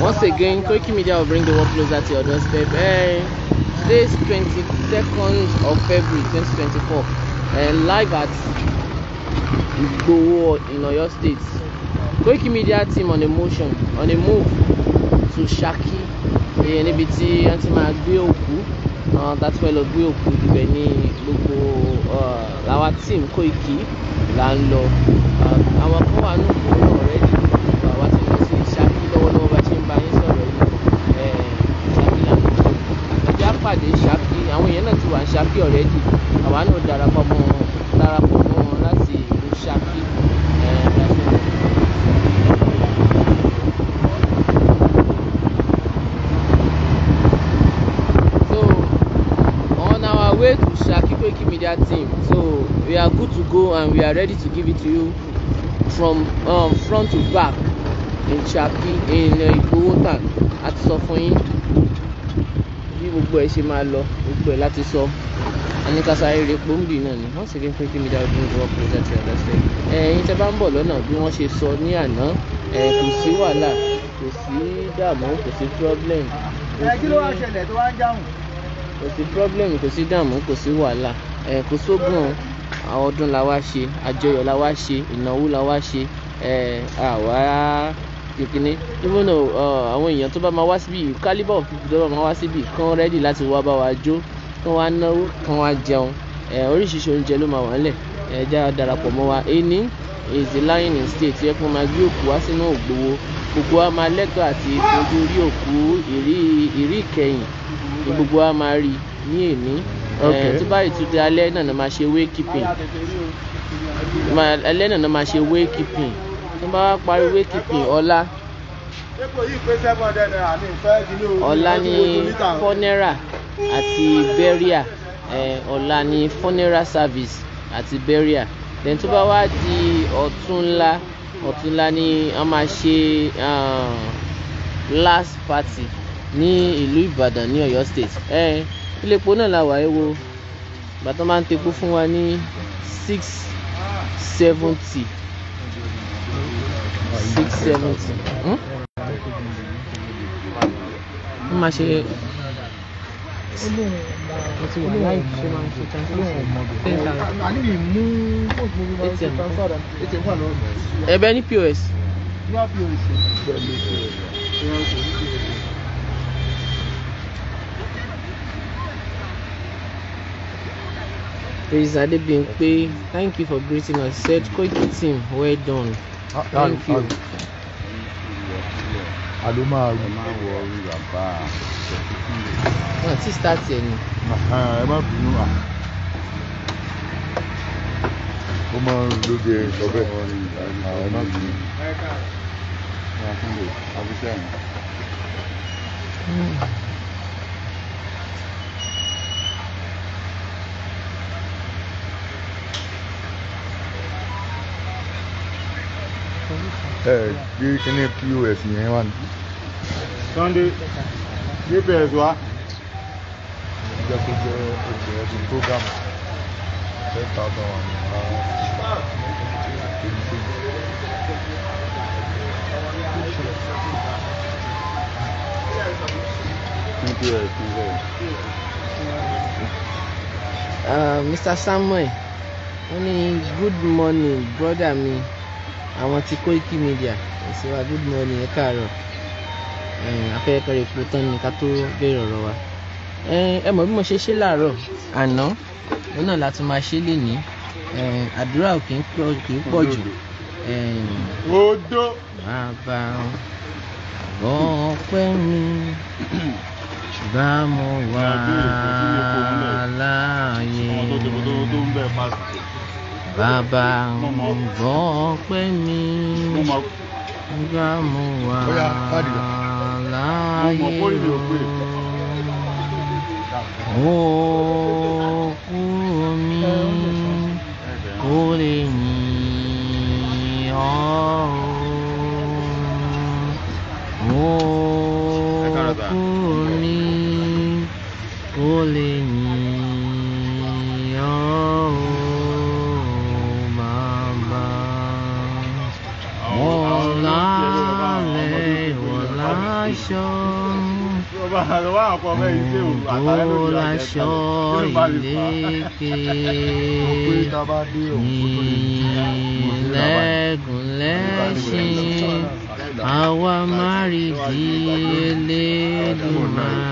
Once again, Koiki Media will bring the world closer to your doorstep. Uh, today's 22nd of February 2024, uh, eh, live at the war in Oyo State. Koiki Media team on a motion, on a move to Shaki. Eh, níbi tí wọ́n ti máa gbé òkú, láti fẹ́ lọ gbé òkú ibẹ̀ ní gbogbo ah, team Koiki là ń àwọn kan wà nù kó náà ọ̀rẹ́dì àwa ti lọ sí Ṣakí lọ́wọ́lọ́wọ́ bá ṣe ń bá yín sọ̀rọ̀ yìí Ṣakí là ń lọ ẹjẹ́ àpàdé Ṣakí àwọn èèyàn náà ti wà Ṣakí ọ̀rẹ́dì àwa náà darapọ̀ mọ́ darapọ̀ mọ́ wọn láti ìlú Ṣakí. way to Shaki Quickie Media team. So we are good to go and we are ready to give it to you from um, front to back in chapi in uh, Igboho town a ti sọ fún yín bí gbogbo ẹ ṣe máa lọ gbogbo ẹ láti sọ anikasare repo nbì náà ni wọn sì rí pé kí mi dáa dúró wọn kúrò láti ẹlẹsẹ ẹ̀yin tẹ́ bá ń bọ̀ lọ́nà bí wọ́n ṣe sọ ní àná kò sí wàhálà kò sí dààmú kò sí problem kí ló wá ṣẹlẹ̀ tó wá ń dáhùn kò sí problem kò sí dààmú kò sí wàhálà kò sógun o ọdún la wá ṣe àjọyọ̀ la wá ṣe ìnáwó la wá ṣe àwa kìkìní even though àwọn èèyàn tó bá máa wá síbí calibre of people tó bá máa wá síbí kan ready láti wá bá wa jó kan wá náwó kan wá jẹun oríṣiríṣi oúnjẹ ló máa wà nílẹ̀ ẹja darapọ̀ mọ́ wa ẹni is the lion in state yẹ kó máa gbé òkú wá sínú ògbówó gbogbo wa máa lẹ́tọ̀ọ́ àti fojú rí òkú ìrí ìkẹyìn gbogbo wa máa rí ní èní tó bá ìtúdí alẹ́ náà máa ṣe wake keeping alẹ́ náà máa ṣe wake keeping tó bá parí wake keeping ọ̀la ọ̀la ni funeral àti burial eh, ọ̀la ni funeral service àti burial then tó bá wá di ọ̀túnla ọ̀túnla ni a máa ṣe ah, last party ní ìlú Ìbàdàn ní Ọ̀yọ́ state. Eh, ilé epo náà la wà ẹ wo ìgbà tó máa ń tepo fún wa ní six seventy six seventy hmm? wọ́n máa ṣe mo ní pos. Praise Adebimpe. Thank you for greeting us. Said Koiki team, well done. Ah, ah, thank you. Àlùmá wọ orí bàbá. Wọ́n ti start ẹ̀ ni. Ah, ẹ má bínú à. Ó máa ń lóde sọ bẹ́ẹ̀. Ẹ má bínú. Ẹ má bínú. gbé uh, pos Sunday gbé bẹ́ẹ̀ wá. ìjọ program ten thousand one hundred and twenty. Mr. Samuel, only good morning brother me. àwọn ti Koiki Media ẹ̀sìn wa good morning ẹ̀ káàárọ̀ afẹ́rẹ́kẹ́ rẹ̀ po tán ni ká tó bẹ̀rẹ̀ ọ̀rọ̀ wa ẹ mọ̀ bí mo ṣe ṣe láàárọ̀ àná òun náà la tún máa ṣe lè ní àdúrà kì í pọ̀ jù. odò. bàbá àbọ̀ ọpẹ́ mi bá mo wà láàyè bàbá bọ́ pẹ́ mi nígbà mo wà láàyè ó kúrò mi kó lè yìn ọ́ ó. láṣọ ògo láṣọ ìlékè ìlẹ́gùn lẹ́ṣin àwa márìdí elédùmarè.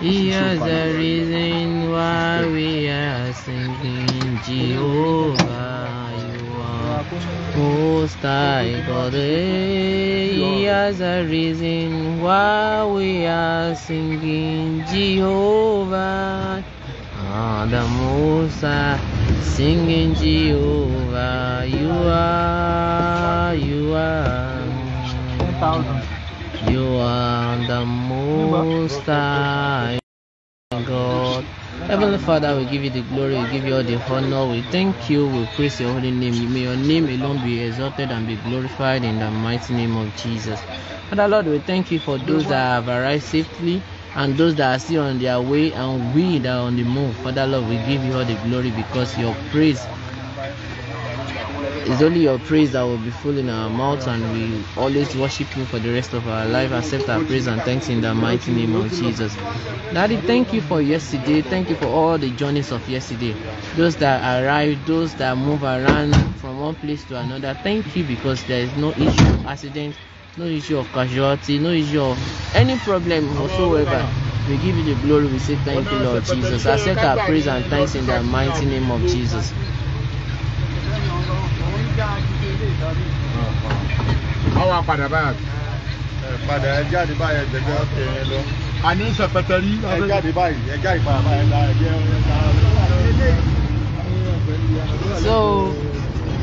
He is the reason why we are singing Jehovah. Most High God, He has a reason why we are singing Jehovah. Ah, the Most singing Jehovah. Father, we give you the glory, we give you all the honor. We thank you, we praise your holy name. May your name alone be exalted and be glorified in the mighty name of Jesus. Father, Lord, we thank you for those that have arrived safely and those that are still on their way and we that are on the move. Father, Lord, we give you all the glory because your praise It's only your praise that will be full in our mouth, and we always worship you for the rest of our life. Accept our praise and thanks in the mighty name of Jesus. Daddy, thank you for yesterday. Thank you for all the journeys of yesterday. Those that arrived, those that move around from one place to another. Thank you because there is no issue of accident, no issue of casualty, no issue of any problem whatsoever. We give you the glory. We say thank you, Lord Jesus. Accept our praise and thanks in the mighty name of Jesus àwọn apàdà báyà bí. padà ẹ jáde báyìí ẹgbẹgbẹ ọkẹ yẹn lọ. àní sẹpẹtẹ rí. ẹ jáde báyìí ẹ jáde padà báyìí So,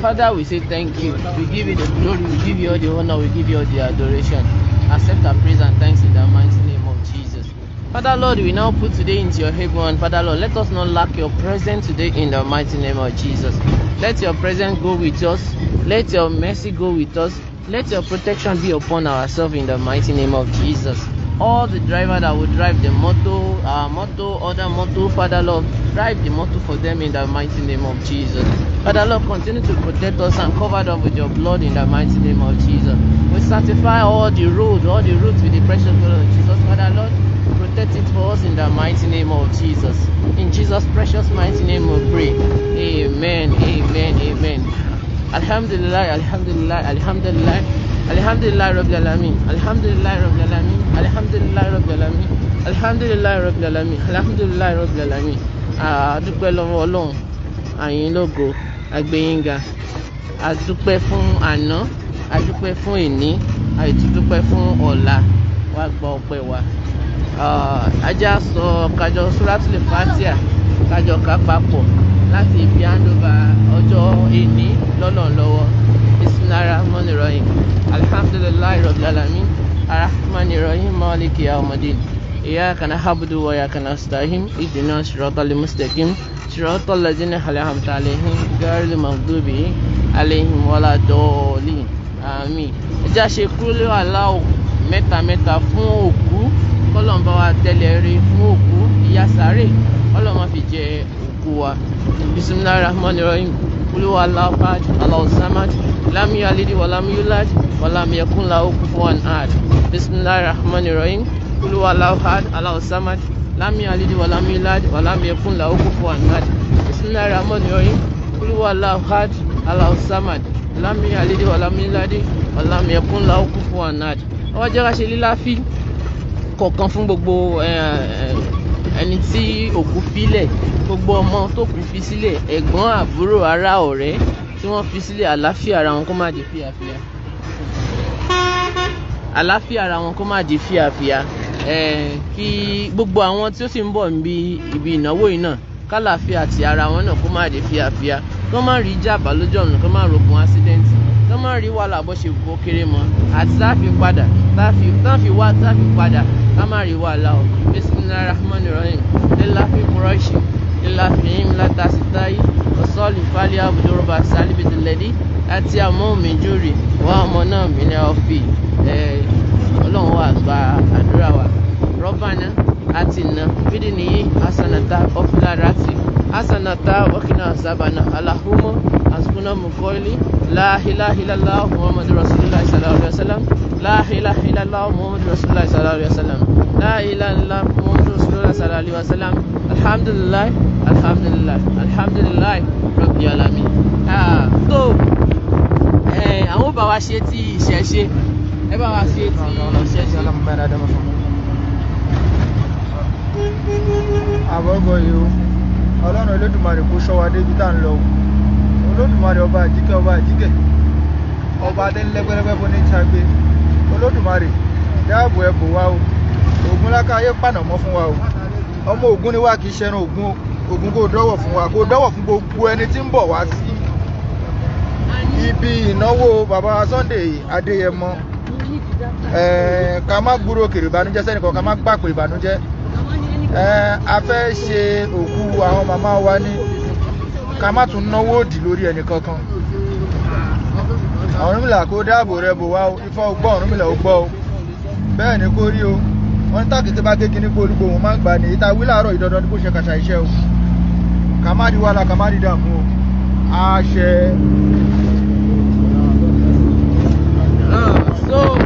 Father, we say thank you. We give you the glory, we give you all the honor, we give you all the adoration. Accept our praise and thanks in the mighty name. Father Lord, we now put today into your heaven. Father Lord, let us not lack your presence today in the mighty name of Jesus. Let your presence go with us. Let your mercy go with us. Let your protection be upon ourselves in the mighty name of Jesus. All the driver that will drive the moto, our moto, other moto, Father Lord, drive the moto for them in the mighty name of Jesus. Father Lord, continue to protect us and cover us with your blood in the mighty name of Jesus. We sanctify all the road, all the routes with the precious blood of Jesus, Father Lord. That it was in the mighty name of Jesus. In Jesus' precious mighty name we pray. Amen, amen, amen. Alhamdulillah, alhamdulillah, alhamdulillah. Alhamdulillah Rabbil Alameen. Alhamdulillah Rabbil Alameen. Alhamdulillah Rabbil Alameen. Alhamdulillah Rabbil Alameen. Alhamdulillah Rabbil Alameen. Adúpẹ́ lọ́wọ́ Ọlọ́run. Àyìn lógo. Àgbéyìnga. Adúpẹ́ fún àná. Adúpẹ́ fún ìní. Àìtúdúpẹ́ fún ọ̀la. Wá gba ọpẹ́ wa. Uh, ajá sọ kájọ suratul fatia kájọ ká papọ̀ láti ibi handover ọjọ́ èní lọ́nà lọ́wọ́ isinara mọ́nìrọ̀yìn alhamdulilayi rọ̀bìlálàmí arahamanirọ̀yìn maliki yaumidin إياك نعبد وإياك نستعين اهدنا الصراط المستقيم صراط الذين أنعمت عليهم غير المغضوب عليهم ولا الضالين آمين ẹ jẹ́ àṣekúrò aláwọ̀ mẹ́ta mẹ́ta fún òkú kọ́lọ́n bá wa tẹ́lẹ̀ rí fún òkú ìyá sáré kọ́lọ́n má fi jẹ òkú wa bisimilahi rahman rahim olúwa aláfàd aláwùsámàd lámì alídì wàlámìyúlád wàlámìyẹkúnlá òkú fún àd bisimilahi rahman rahim olúwa aláfàd aláwùsámàd lámì alídì wàlámìyúlád wàlámìyẹkúnlá òkú fún àd bisimilahi rahman rahim olúwa aláfàd aláwùsámàd lámì alídì wàlámìyúlád wàlámìyẹkúnlá òkú fún àd ọwọ́ jẹ́ ká ṣe líláfí kọ̀ọ̀kan fún gbogbo ẹni tí òkú filẹ̀ gbogbo ọmọ tó kú fi sílẹ̀ ẹ̀gbọ́n àbúrò ará ọ̀rẹ́ tí wọ́n fi sílẹ̀ àlàáfíà ara wọn kó má di fíàfíà àlàáfíà ara wọn kó má di fíàfíà kí gbogbo àwọn tí ó sì ń bọ̀ níbi ibi ìnáwó yìí náà kálàáfíà ti ara wọn náà kó má di fíàfíà kó má rí jàbá lójú ọ̀nà kó má rògbòn ásídẹ́ǹtì kó má rí wàhálà bó ṣe kó kéré mọ́ àti tá a fi padà tá a fi wá tá a fi padà kámárì wà láò bisimilah rahman rahim lílàfi kúrọ́ọ̀ṣì lílàfi imla tasitayi ọ̀sọ́ọ̀lì fali abudurba salibidilẹ́dí àti àmọ́ mi júrì wá ọmọ náà mi ní ọ̀fì eh, ọlọ́run wà gba àdúrà wa rọ́bà náà atina fidini hasanata wafilarati hasanata wakina azabana alahumo asfuna mukoili la ilaha illallah muhammadu rasulullah sallallahu alaihi wasallam la ilaha illallah muhammadu rasulullah sallallahu alaihi wasallam la ilaha illallah muhammadu rasulullah sallallahu alaihi wasallam alhamdulillah alhamdulillah alhamdulillah rabbil alamin ah so eh àwọn bá wa ṣe ti ìṣẹ̀ṣe ẹ bá wa ṣe ti ìṣẹ̀ṣe àbọ̀gọ̀yè o ọlọ́run olódùmarè kó ṣọ́ wa débi tá à ń lọ o olódùmarè ọba àjíkẹ́ ọba àjíkẹ́ ọba adẹ́nilẹ́gbẹ́lẹ́gbẹ́ fún ní ṣàgbé olódùmarè dáàbò ẹ bò wá o ògùn lákàáyé pànàmọ́ fún wa o ọmọ ògùn ni wá kì í ṣẹran ògùn ògùn kò dọ́wọ̀ fún wa kò dọ́wọ̀ fún gbogbo ẹni tí ń bọ̀ wá sí ibi ìnáwó bàbá Sunday Adéyẹmọ ká má gbúrò kèrè ìbànújẹ́ sẹ́nìkan ká má gbàpè ìbànújẹ́ a fẹ́ ṣe òkú àwọn màmá wa ní ká má tún náwó òdì lórí ẹnì kankan àwọn Ọ̀rúnmìlà kó dáàbò rẹ bò wá o Ifá o gbọ́ Ọ̀rúnmìlà o gbọ́ o bẹ́ẹ̀ ni kó rí o wọ́n ní tákété bá kékin ní gbólúgbò wọn máa ń gbà ní ìta wí láàárọ̀ ìdandan ní bó ṣe kàṣà iṣẹ́ o ká má di wàhálà ká má di dààmú o àṣẹ. Ah, so.